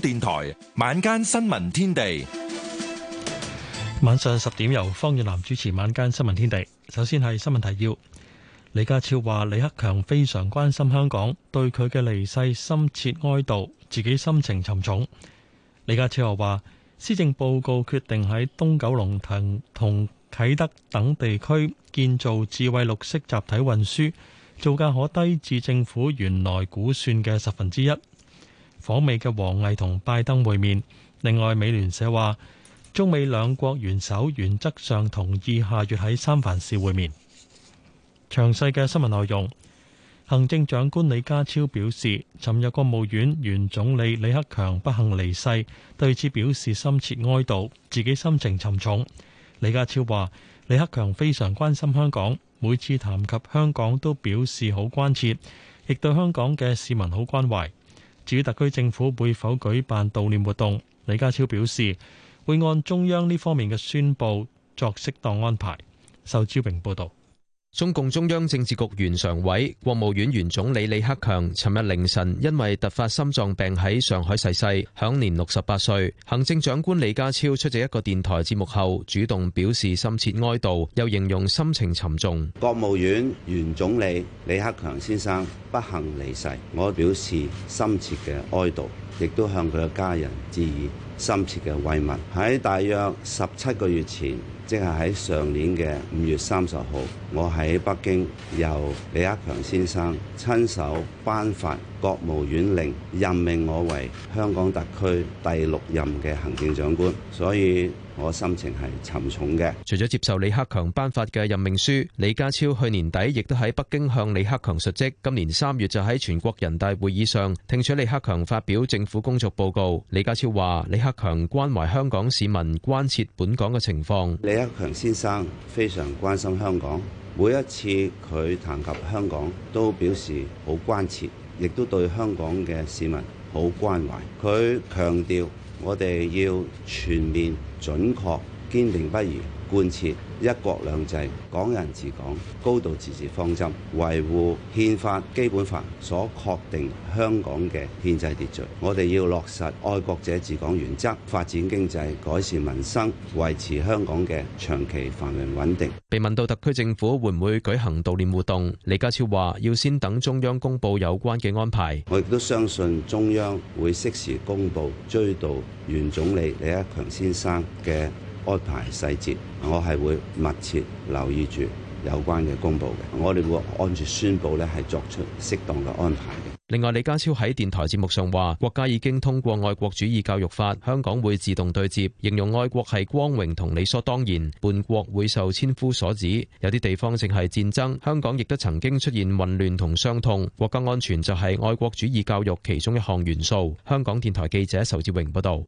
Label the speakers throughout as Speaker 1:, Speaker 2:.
Speaker 1: 電台晚間新
Speaker 2: 聞天地，晚上十點由方遠南主持。晚間新聞天地，首先係新聞提要。李家超話，李克強非常關心香港，對佢嘅離世深切哀悼，自己心情沉重。李家超又話，施政報告決定喺東九龍、騰同啟德等地區建造智慧綠色集體運輸，造價可低至政府原來估算嘅十分之一。訪美嘅王毅同拜登會面。另外，美聯社話中美兩國元首原則上同意下月喺三藩市會面。詳細嘅新聞內容，行政長官李家超表示，尋日國務院原總理李克強不幸離世，對此表示深切哀悼，自己心情沉重。李家超話，李克強非常關心香港，每次談及香港都表示好關切，亦對香港嘅市民好關懷。至於特區政府會否舉辦悼念活動，李家超表
Speaker 3: 示會按中央呢方面嘅宣布作適當安排。受招聘報道。中共中央政治局原常委、國務院原總理李克強，尋日凌晨因為突發心臟病喺上海逝世，享年六十八歲。行政長官李家超出席一個電台節目後，主動表示深切哀悼，又形容心情沉重。
Speaker 4: 國務院原總理李克強先生不幸離世，我表示深切嘅哀悼，亦都向佢嘅家人致以深切嘅慰問，喺大約十七個月前。即係喺上年嘅五月三十號，我喺北京由李克強先生親手頒發國務院令，任命我為香港特區第六任嘅行政長官，所以，我心情係沉重嘅。
Speaker 3: 除咗接受李克強頒發嘅任命書，李家超去年底亦都喺北京向李克強述職。今年三月就喺全國人大會議上聽取李克強發表政府工作報告。李家超話，李克強關懷香港市民，關切本港嘅情況。
Speaker 4: 李克強先生非常關心香港，每一次佢談及香港都表示好關切，亦都對香港嘅市民好關懷。佢強調。我哋要全面、準確、堅定不移，貫徹一國兩制、港人治港、高度自治方針，維護憲法、基本法所確定香港嘅憲制秩序。我哋要落實愛國者治港原則，發展經濟，改善民生，維持香港嘅長期繁榮穩定。
Speaker 3: 被問到特區政府會唔會舉行悼念活動，李家超話：要先等中央公布有關嘅安排。
Speaker 4: 我亦都相信中央會適時公布追悼原總理李克強先生嘅安排細節，我係會密切留意住有關嘅公布嘅。我哋會按住宣布咧，係作出適當嘅安排
Speaker 3: 嘅。另外，李家超喺電台節目上話《國家已經通過愛國主義教育法》，香港會自動對接，形容愛國係光榮同理所當然，叛國會受千夫所指。有啲地方正係戰爭，香港亦都曾經出現混亂同傷痛。國家安全就係愛國主義教育其中一項元素。香港電台記者仇志榮報道。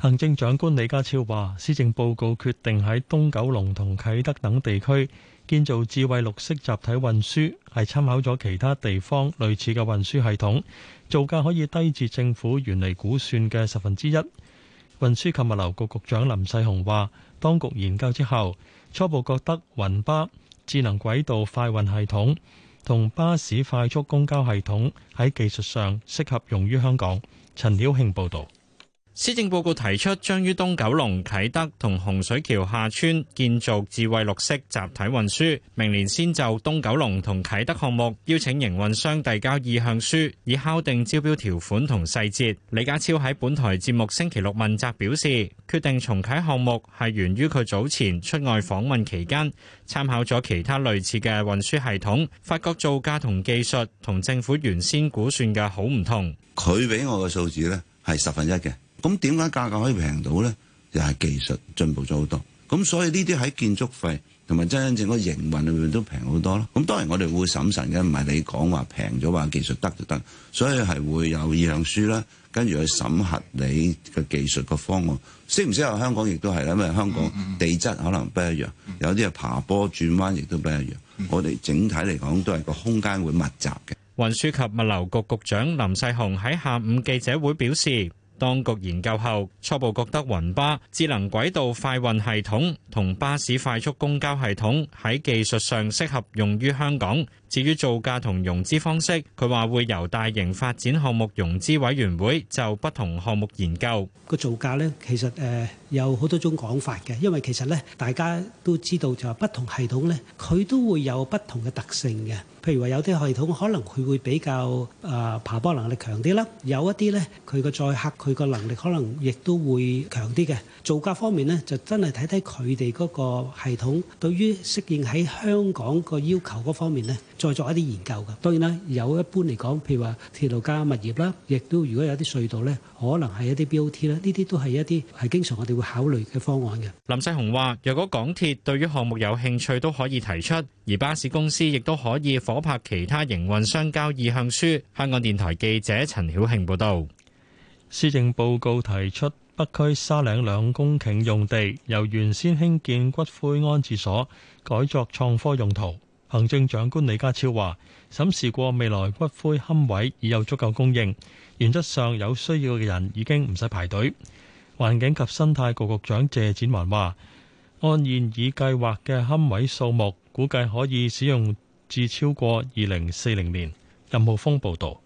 Speaker 2: 行政長官李家超話，施政報告決定喺東九龍同啟德等地區建造智慧綠色集體運輸，係參考咗其他地方類似嘅運輸系統，造價可以低至政府原嚟估算嘅十分之一。運輸及物流局局長林世雄話，當局研究之後，初步覺得雲巴智能軌道快運系統同巴士快速公交系統喺技術上適合用於香港。陳曉慶報導。
Speaker 5: 施政報告提出，將於東九龍、啟德同洪水橋下村建造智慧綠色集體運輸。明年先就東九龍同啟德項目邀請營運商遞交意向書，以敲定招標條款同細節。李家超喺本台節目星期六問責表示，決定重啟項目係源於佢早前出外訪問期間參考咗其他類似嘅運輸系統，發覺造價同技術同政府原先估算嘅好唔同。
Speaker 4: 佢俾我嘅數字呢係十分一嘅。咁點解價格可以平到咧？又係技術進步咗好多，咁所以呢啲喺建築費同埋真正個營運裏面都平好多咯。咁當然我哋會審慎嘅，唔係你講話平咗話技術得就得，所以係會有意向書啦，跟住去審核你嘅技術嘅方案適唔適合香港，亦都係因為香港地質可能不一樣，有啲係爬坡轉彎，亦都不一樣。我哋整體嚟講都係個空間會密集嘅。
Speaker 5: 運輸及物流局局長林世雄喺下午記者會表示。當局研究後，初步覺得雲巴智能軌道快運系統同巴士快速公交系統喺技術上適合用於香港。至於造價同融資方式，佢話會由大型發展項目融資委員會就不同項目研究
Speaker 6: 個造價呢，其實誒有好多種講法嘅，因為其實呢，大家都知道就係不同系統呢，佢都會有不同嘅特性嘅。譬如話有啲系統可能佢會比較誒爬坡能力強啲啦，有一啲呢，佢個載客佢個能力可能亦都會強啲嘅。造價方面呢，就真係睇睇佢哋嗰個系統對於適應喺香港個要求嗰方面呢。再作一啲研究嘅，當然啦，有一般嚟講，譬如話鐵路加物業啦，亦都如果有啲隧道咧，可能係一啲 BOT 啦，呢啲都係一啲係經常我哋會考慮嘅方案嘅。
Speaker 5: 林世雄話：若果港鐵對於項目有興趣，都可以提出；而巴士公司亦都可以伙拍其他營運商交意向書。香港電台記者陳曉慶報道。施政報告提出北區
Speaker 2: 沙嶺兩公頃用地，由原先興建骨灰安置所改作創科用途。行政長官李家超話，審視過未來骨灰龕位已有足夠供應，原則上有需要嘅人已經唔使排隊。環境及生態局局長謝展寰話，按現已計劃嘅龕位數目，
Speaker 6: 估計可以使用至超過二零四零年。任浩峰報道。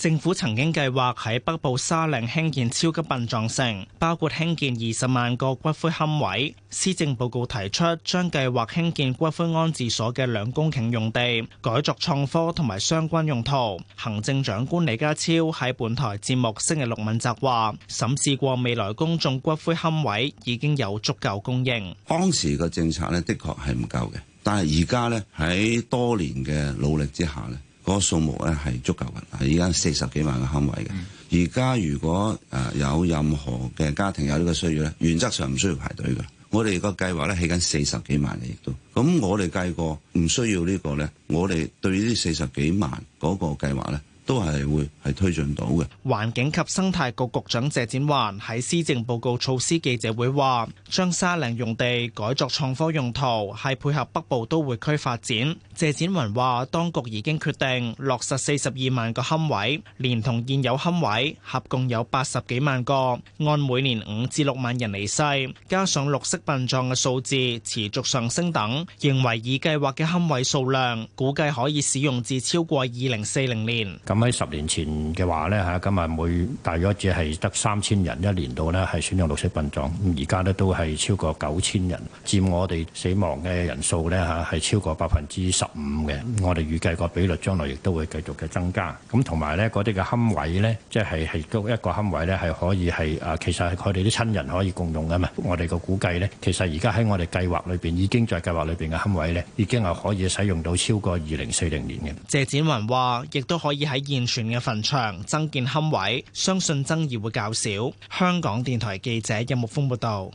Speaker 6: 政府曾經計劃喺北部沙嶺興建超級殯葬城，包括興建二十萬個骨灰龕位。施政報告提出將計劃興建骨灰安置所嘅兩公頃用地改作創科同埋相關用途。行政長官李家超喺本台節目星期六問責話：審視過未來公眾骨灰龕位已經有足夠供應。
Speaker 4: 當時嘅政策呢，的確係唔夠嘅，但係而家呢，喺多年嘅努力之下呢。個數目咧係足夠嘅，而家四十幾萬嘅龕位嘅。而、嗯、家如果誒有任何嘅家庭有呢個需要咧，原則上唔需要排隊嘅。我哋、這個、個計劃咧起緊四十幾萬嘅，亦都。咁我哋計過唔需要呢個咧，我哋對呢四十幾萬嗰個計劃咧，都係會係推進到嘅。
Speaker 6: 環境及生態局局長謝展寰喺施政報告措施記者會話：將沙嶺用地改作創科用途，係配合北部都會區發展。謝展寰話：當局已經決定落實四十二萬個龕位，連同現有龕位，合共有八十幾萬個。按每年五至六萬人離世，加上綠色殯葬嘅數字持續上升等，認為已計劃嘅龕位數量，估計可以使用至超過二零四零年。
Speaker 2: 喺十年前嘅話咧嚇，今日每大約只係得三千人一年度咧係選用綠色殯葬，咁而家咧都係超過九千人，佔我哋死亡嘅人數咧嚇係超過百分之十五嘅。我哋預計個比率將來亦都會繼續嘅增加。咁同埋咧嗰啲嘅龕位咧，即係係一個龕位咧係可以係啊，其實係佢哋啲親人可以共用嘅嘛。我哋個估計咧，其實而家喺我哋計劃裏邊已經在計劃裏邊嘅龕位咧，已經係可以使用到超過二零四零年
Speaker 6: 嘅。謝展寰話，亦都可以喺。現存嘅墳場增建龕位，相信爭議會較少。香港電台記者任木峰報道。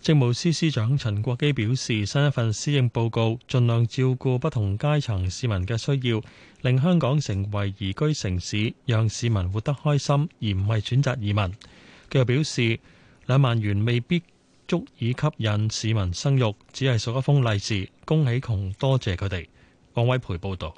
Speaker 2: 政務司司長陳國基表示，新一份施政報告盡量照顧不同階層市民嘅需要，令香港成為宜居城市，讓市民活得開心，而唔係選擇移民。佢又表示，兩萬元未必足以吸引市民生育，只係送一封利是恭喜窮，多謝佢哋。王偉培報道。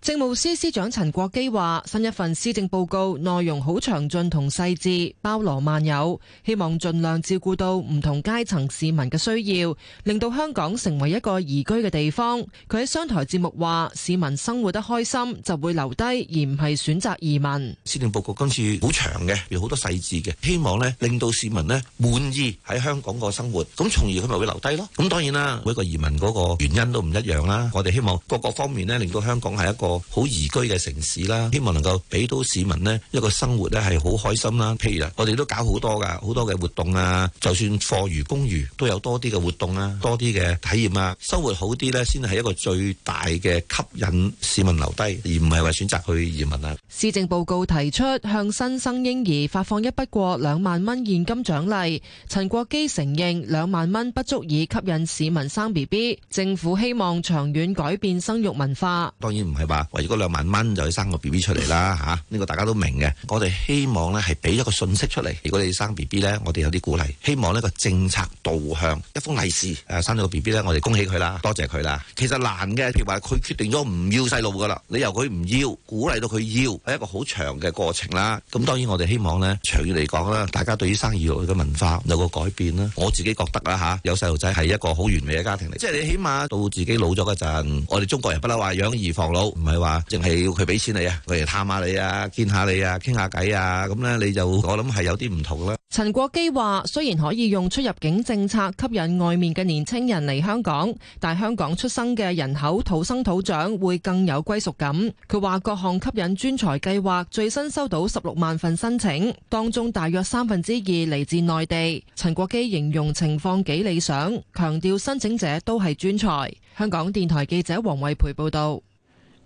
Speaker 7: 政務司司長陳國基話：新一份施政報告內容好詳盡同細緻，包羅萬有，希望盡量照顧到唔同階層市民嘅需要，令到香港成為一個宜居嘅地方。佢喺商台節目話：市民生活得開心，就會留低，而唔係選擇移民。
Speaker 1: 施政報告今次好長嘅，有好多細緻嘅，希望咧，令到市民咧滿意喺香港個生活，咁從而佢咪會留低咯。咁當然啦，每一個移民嗰個原因都唔一樣啦。我哋希望各個方面咧，令到香港係一個。好宜居嘅城市啦，希望能夠俾到市民呢一個生活呢係好開心啦。譬如啊，我哋都搞好多噶，好多嘅活動啊，就算課餘公寓都有多啲嘅活動啊，多啲嘅體驗啊，生活好啲呢先係一個最大嘅吸引市民留低，而唔係話選擇去移
Speaker 8: 民啊。
Speaker 7: 施政報告提出向新生嬰兒發放一筆過兩萬蚊現金獎勵，陳國基承認兩萬蚊不足以吸引市民生 B B，政府希望長遠改變生育文化。
Speaker 1: 當然唔係話。話住嗰兩萬蚊就要生個 B B 出嚟啦，吓、啊、呢、這個大家都明嘅。我哋希望咧，係俾一個信息出嚟，如果你生 B B 咧，我哋有啲鼓勵。希望呢、這個政策導向，一封利是，誒、啊，生咗個 B B 咧，我哋恭喜佢啦，多謝佢啦。其實難嘅，譬如話佢決定咗唔要細路噶啦，你由佢唔要，鼓勵到佢要，係一個好長嘅過程啦。咁當然我哋希望咧，長遠嚟講啦，大家對於生兒育女嘅文化有個改變啦。我自己覺得啦，吓、啊、有細路仔係一個好完美嘅家庭嚟，即係你起碼到自己老咗嗰陣，我哋中國人不嬲話養兒防老。唔係話淨係要佢俾錢你啊，嚟探下你啊，見下你啊，傾下偈啊，咁咧你就我諗係有啲唔同啦。
Speaker 7: 陳國基話：雖然可以用出入境政策吸引外面嘅年青人嚟香港，但香港出生嘅人口土生土長會更有歸屬感。佢話各項吸引專才計劃最新收到十六萬份申請，當中大約三分之二嚟自內地。陳國基形容情況幾理想，強調申請者都係專才。香港電台記者黃慧培報道。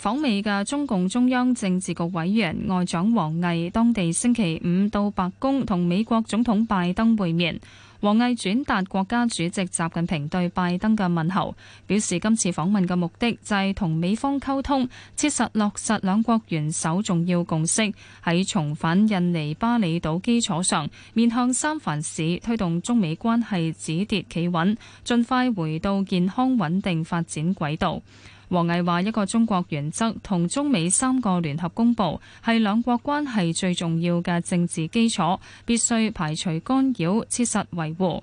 Speaker 9: 訪美嘅中共中央政治局委員外長王毅，當地星期五到白宮同美國總統拜登會面。王毅轉達國家主席習近平對拜登嘅問候，表示今次訪問嘅目的就係同美方溝通，切實落實兩國元首重要共識，喺重返印尼巴厘島基礎上，面向三藩市推動中美關係止跌企穩，盡快回到健康穩定發展軌道。王毅話：一個中國原則同中美三個聯合公佈係兩國關係最重要嘅政治基礎，必須排除干擾，切實維護。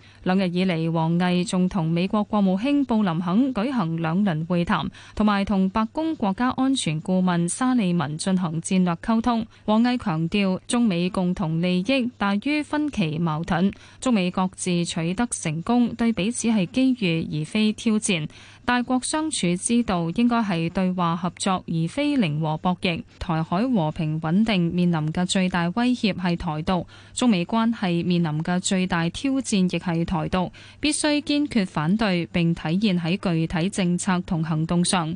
Speaker 9: 兩日以嚟，王毅仲同美國國務卿布林肯舉行兩輪會談，同埋同白宮國家安全顧問沙利文進行戰略溝通。王毅強調，中美共同利益大於分歧矛盾，中美各自取得成功對彼此係機遇而非挑戰。大國相處之道應該係對話合作，而非零和博弈。台海和平穩定面臨嘅最大威脅係台獨，中美關係面臨嘅最大挑戰亦係。台獨必須堅決反對，並體現喺具體政策同行動上。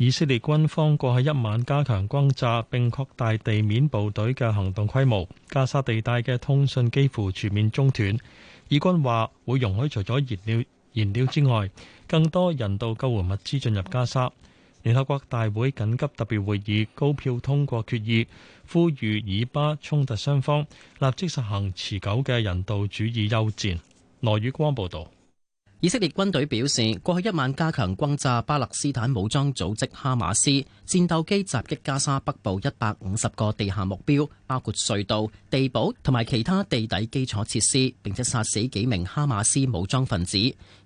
Speaker 2: 以色列軍方過去一晚加強轟炸，並擴大地面部隊嘅行動規模。加沙地帶嘅通訊幾乎全面中斷。以軍話會容許除咗燃料燃料之外，更多人道救援物資進入加沙。聯合國大會緊急特別會議高票通過決議，呼籲以巴衝突雙方立即實行持久嘅人道主
Speaker 8: 義休戰。羅宇光報道。以色列軍隊表示，過去一晚加強轟炸巴勒斯坦武裝組織哈馬斯，戰鬥機襲擊加沙北部一百五十個地下目標，包括隧道、地堡同埋其他地底基礎設施，並且殺死幾名哈馬斯武裝分子。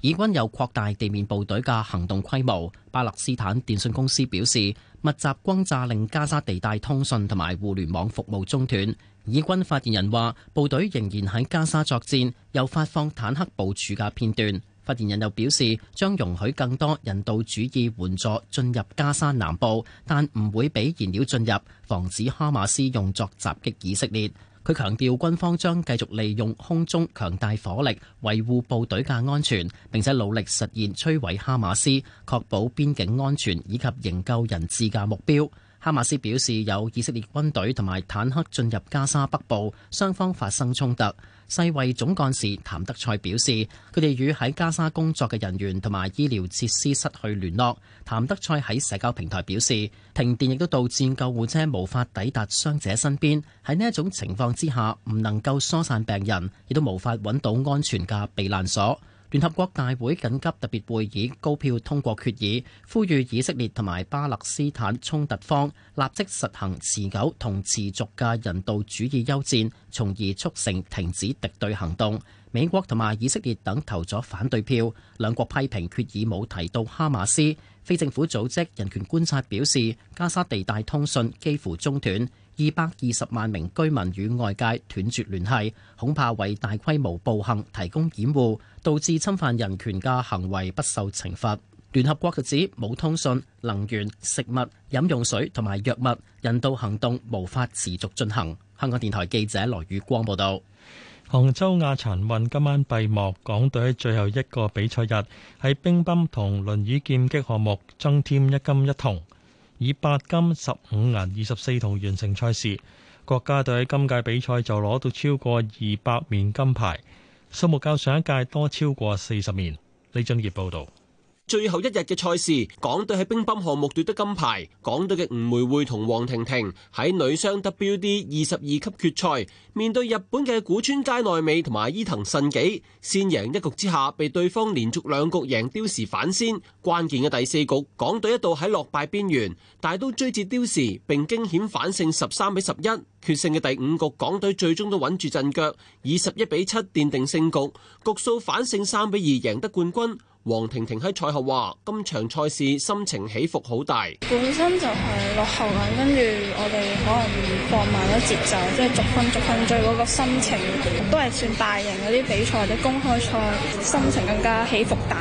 Speaker 8: 以軍又擴大地面部隊嘅行動規模。巴勒斯坦電訊公司表示，密集轟炸令加沙地帶通訊同埋互聯網服務中斷。以軍發言人話，部隊仍然喺加沙作戰，又發放坦克部署嘅片段。發言人又表示，將容許更多人道主義援助進入加沙南部，但唔會俾燃料進入，防止哈馬斯用作襲擊以色列。佢強調，軍方將繼續利用空中強大火力維護部隊嘅安全，並且努力實現摧毀哈馬斯、確保邊境安全以及營救人質嘅目標。哈馬斯表示，有以色列軍隊同埋坦克進入加沙北部，雙方發生衝突。世衛總幹事譚德賽表示，佢哋與喺加沙工作嘅人員同埋醫療設施失去聯絡。譚德賽喺社交平台表示，停電亦都導致救護車無法抵達傷者身邊。喺呢一種情況之下，唔能夠疏散病人，亦都無法揾到安全嘅避難所。聯合國大會緊急特別會議高票通過決議，呼籲以色列同埋巴勒斯坦衝突方立即實行持久同持續嘅人道主義休戰，從而促成停止敵對行動。美國同埋以色列等投咗反對票，兩國批評決議冇提到哈馬斯。非政府組織人權觀察表示，加沙地帶通訊幾乎中斷，二百二十萬名居民與外界斷絕聯繫，恐怕為大規模暴行提供掩護，導致侵犯人權嘅行為不受懲罰。聯合國就指冇通訊、能源、食物、飲用水同埋藥物，人道行動無法持續進行。香港電台記者羅宇光報道，杭州亞殘
Speaker 2: 運今晚閉幕，港隊最後一個比賽日喺乒乓同輪椅劍擊項目增添一金一銅，以八金十五銀二十四銅完成賽事。國家隊今屆比賽就攞到超過二百面金牌。數目較上一屆多超過四十年。李俊業報道。
Speaker 10: 最後一日嘅賽事，港隊喺乒乓項目奪得金牌。港隊嘅吳梅會同王婷婷喺女雙 W D 二十二級決賽面對日本嘅古川佳奈美同埋伊藤槙紀，先贏一局之下，被對方連續兩局贏刁時反先。關鍵嘅第四局，港隊一度喺落敗邊緣，但都追至刁時，並驚險反勝十三比十一。決勝嘅第五局，港隊最終都穩住陣腳，以十一比七奠定勝局，局數反勝三比二，贏得冠軍。黃婷婷喺賽後話：今場賽事心情起伏好大，
Speaker 9: 本身就係落後緊，跟住我哋可能放慢咗節奏，即係逐分逐分追嗰個心情，都係算大型嗰啲比賽或者公開賽，心情更加起伏大。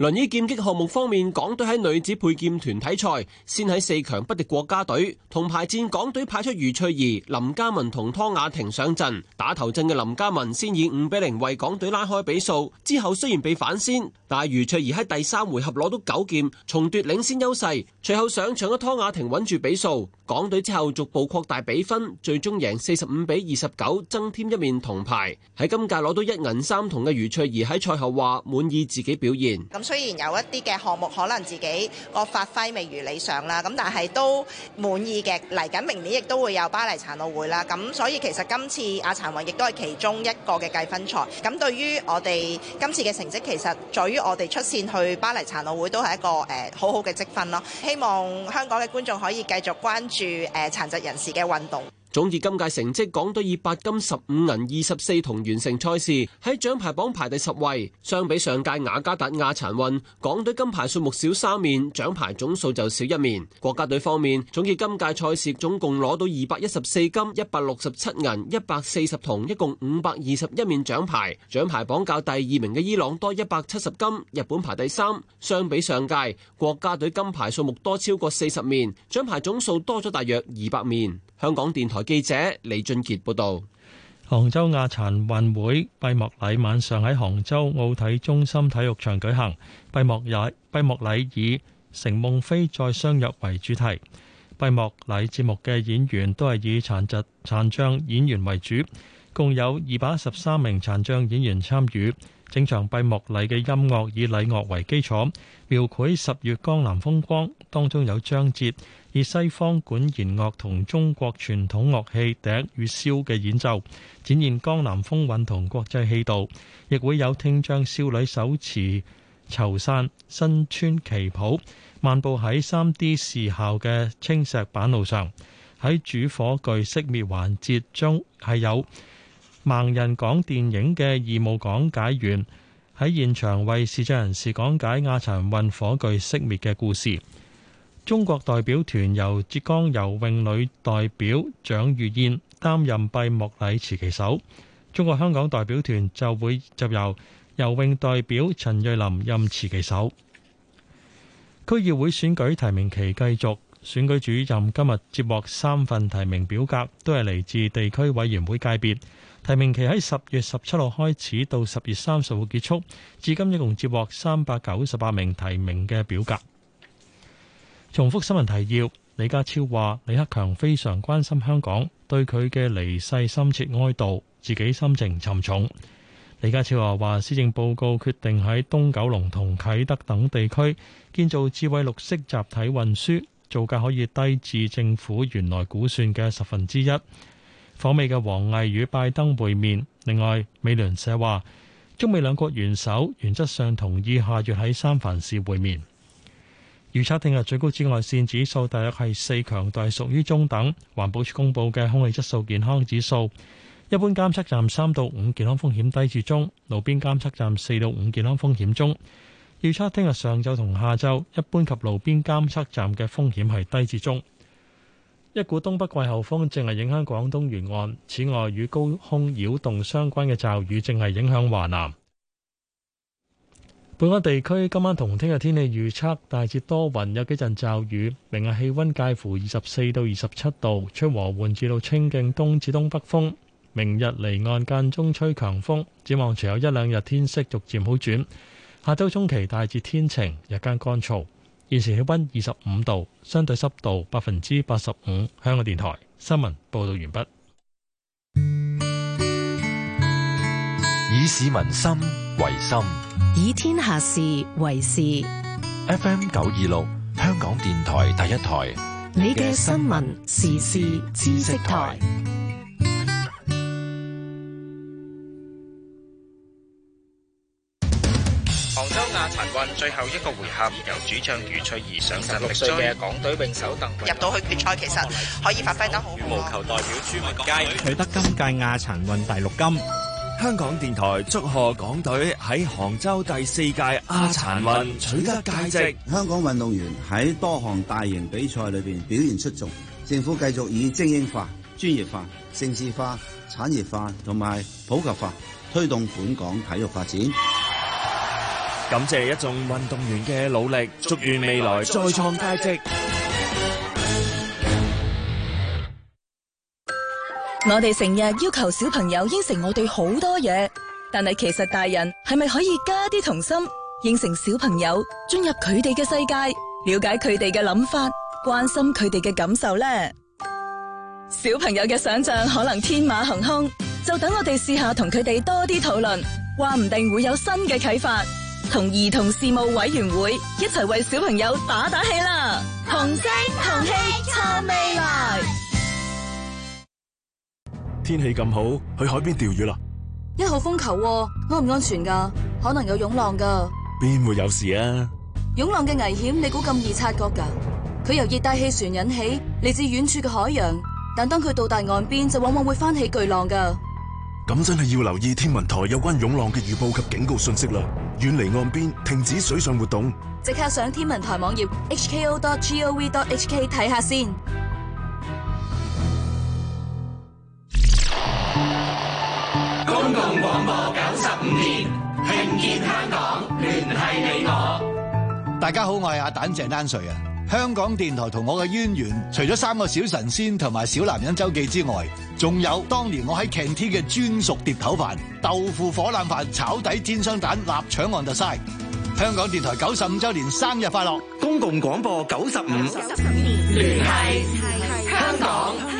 Speaker 10: 輪椅劍擊項目方面，港隊喺女子配劍團體賽先喺四強不敵國家隊。銅牌戰，港隊派出余翠怡、林嘉文同湯雅婷上陣。打頭陣嘅林嘉文先以五比零為港隊拉開比數，之後雖然被反先，但余翠怡喺第三回合攞到九劍，重奪領先優勢。隨後上場嘅湯雅婷穩住比數，港隊之後逐步擴大比分，最終贏四十五比二十九，增添一面銅牌。喺今屆攞到一銀三銅嘅余翠怡喺賽後話滿意自己表現。
Speaker 7: 雖然有一啲嘅項目可能自己個發揮未如理想啦，咁但係都滿意嘅。嚟緊明年亦都會有巴黎殘奧會啦，咁所以其實今次亞殘運亦都係其中一個嘅計分賽。咁對於我哋今次嘅成績，其實在於我哋出線去巴黎殘奧會都係一個誒好好嘅積分咯。希望香港嘅觀眾可以繼續關注誒殘疾人士嘅運動。
Speaker 10: 總結今屆成績，港隊以八金、十五銀、二十四銅完成賽事，喺獎牌榜排第十位。相比上屆雅加達亞殘運，港隊金牌數目少三面，獎牌總數就少一面。國家隊方面，總結今屆賽事總共攞到二百一十四金、一百六十七銀、一百四十銅，一共五百二十一面獎牌。獎牌榜較第二名嘅伊朗多一百七十金，日本排第三。相比上屆，國家隊金牌數目多超過四十面，獎牌總數多咗大約二百面。香港電台記者李俊傑報道：
Speaker 2: 杭州亞殘運會閉幕禮晚上喺杭州奧體中心體育場舉行。閉幕禮閉幕禮以“乘夢飛再相約”為主題。閉幕禮節目嘅演員都係以殘疾殘障演員為主，共有二百一十三名殘障演員參與。整場閉幕禮嘅音樂以禮樂為基礎，描繪十月江南風光，當中有章節。以西方管弦樂同中國傳統樂器笛與簫嘅演奏，展現江南風韻同國際氣度。亦會有聽障少女手持綢傘、身穿旗袍，漫步喺三 D 視效嘅青石板路上。喺主火炬熄滅環節中，係有盲人講電影嘅義務講解員喺現場為視障人士講解亞殘運火炬熄滅嘅故事。中國代表團由浙江游泳女代表蔣玉燕擔任閉幕禮持旗手，中國香港代表團就會集由游泳代表陳瑞琳任持旗手。區議會選舉提名期繼續，選舉主任今日接獲三份提名表格，都係嚟自地區委員會界別。提名期喺十月十七號開始到十月三十號結束，至今一共接獲三百九十八名提名嘅表格。重複新聞提要：李家超話，李克強非常關心香港，對佢嘅離世深切哀悼，自己心情沉重。李家超又話，施政報告決定喺東九龍同啟德等地區建造智慧綠色集體運輸，造價可以低至政府原來估算嘅十分之一。訪美嘅王毅與拜登會面，另外，美聯社話，中美兩國元首原則上同意下月喺三藩市會面。預測聽日最高紫外線指數大約係四，強度屬於中等。環保署公布嘅空氣質素健康指數，一般監測站三到五，健康風險低至中；路邊監測站四到五，健康風險中。預測聽日上晝同下晝，一般及路邊監測站嘅風險係低至中。一股東北季候風正係影響廣東沿岸，此外，與高空擾動相關嘅驟雨正係影響華南。本港地區今晚同聽日天氣預測大致多雲，有幾陣驟雨。明日氣溫介乎二十四到二十七度，吹和緩至到清勁東至東北風。明日離岸間中吹強風，展望隨後一兩日天色逐漸好轉，下周中期大致天晴，日間乾燥。現時氣溫二十五度，相對濕度百分之八十五。香港電台新聞報道完畢。以市民心為心。
Speaker 6: 以天下事為事。FM
Speaker 2: 九二六，香港電台第一台，
Speaker 6: 你嘅新聞時事知
Speaker 9: 識台。
Speaker 3: 杭州亞殘運最後一個回合由主
Speaker 5: 將余翠怡上陣，十六歲嘅港隊泳手鄧入
Speaker 7: 到去決賽，其實可以發揮得好。羽
Speaker 5: 毛球代表朱文佳取得今屆亞殘運第六金。香港電台祝
Speaker 4: 賀港隊
Speaker 5: 喺杭州第四屆亞、啊、殘
Speaker 2: 運取得佳
Speaker 4: 績。香港運動員喺多項大型比賽裏邊表現出眾。政府繼續以精英化、專業化、城市化、產業化同埋普及化推動本港體育發展。感謝一眾運動員嘅努力，祝
Speaker 2: 願未來再創佳績。
Speaker 9: 我哋成日要求小朋友應承我哋好多嘢，但
Speaker 7: 係其實大人係咪可以加啲童心，應承小朋友進入佢哋嘅世界，
Speaker 9: 了解佢哋嘅諗法，關心佢哋嘅感受呢？小朋友嘅想象可能天馬行空，就等我哋試下同佢哋多啲討論，話唔定會有新嘅啟發。同兒童事務委員會一齊為小朋友打打氣啦！同聲同氣撐未來。
Speaker 7: 天氣咁好，去海邊釣魚啦！一號風球啊，安唔安全噶啊？可能有湧浪噶。
Speaker 6: 邊會有事啊？
Speaker 7: 湧浪嘅危險你估咁易察覺噶？佢由熱帶氣旋引起，嚟自遠處嘅海洋，但當佢到達岸邊，就往往會翻起巨浪噶。
Speaker 1: 咁真係要留意天文台有關湧浪嘅預報及警告信息啦。遠離岸邊，停止水上活動。
Speaker 7: 即刻上天文台網頁 hko.gov.hk 睇下先。
Speaker 1: 大家好，我係阿蛋鄭丹瑞啊！香港電台同我嘅淵源，除咗三個小神仙同埋小男人周記之外，仲有當年我喺 canteen 嘅專屬碟頭飯、豆腐火腩飯、炒底煎雙蛋、臘腸 o n d 香港電台九十五周年生日快樂！公
Speaker 6: 共廣播 ,95 公共廣播95九十五，
Speaker 7: 聯繫香港。香港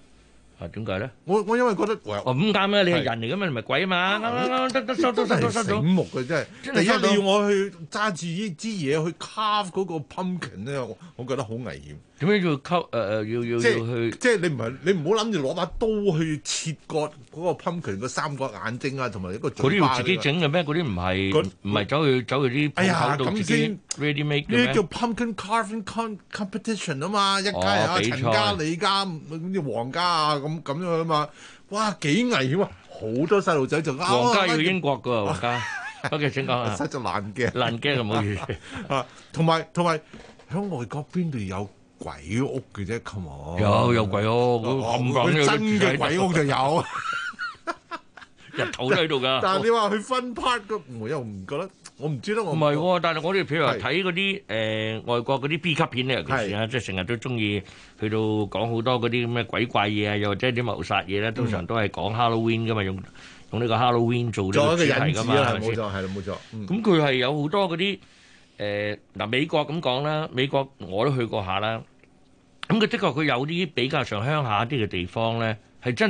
Speaker 1: 啊，點解咧？我我因為覺得喂，唔啱啊！你係人
Speaker 6: 嚟噶嘛，唔係鬼
Speaker 1: 嘛，啱啱
Speaker 6: 啱醒目
Speaker 1: 嘅真係。第一你要我去揸住呢支嘢去 carve 嗰個 pumpkin 咧，我我覺得好危險。點解要溝誒誒？要要要去即係你唔係你唔好諗住攞把刀去切割嗰個噴泉個三角眼睛啊，同埋一個嘴巴、啊、要自己整
Speaker 2: 嘅咩？嗰啲唔係唔係走去、哎、走去啲哎呀咁先呢啲叫
Speaker 1: pumpkin carving competition 啊嘛！一家人啊，哦、陳家、李家、黃家啊咁咁樣啊嘛！哇，幾危險啊！好多細路仔就黃、啊、家要英國噶
Speaker 3: 黃
Speaker 1: 家，OK，整講啊！細就難嘅，難驚嘅冇錯啊！同埋同埋響外國邊度有？鬼屋嘅啫，Come on，有有鬼屋，咁講、哦、真嘅鬼屋就有，
Speaker 2: 日頭都喺度噶。但係你話
Speaker 1: 佢分派嘅，我又唔覺得，我唔知我得。我
Speaker 2: 唔係喎，但係我哋譬如話睇嗰啲誒外國嗰啲 B 級片咧，尤其是即係成日都中意去到講好多嗰啲咁嘅鬼怪嘢啊，又或者啲謀殺嘢咧，通常都係講 Halloween 嘅嘛，用用呢個 Halloween 做呢個主題㗎嘛，係咪先？係啦，冇錯，係啦，
Speaker 1: 冇錯。咁
Speaker 2: 佢係有好多嗰啲誒嗱美國咁講啦，美國我都
Speaker 9: 去過下啦。咁佢的確，佢有啲比較上鄉下啲嘅地方咧，係真。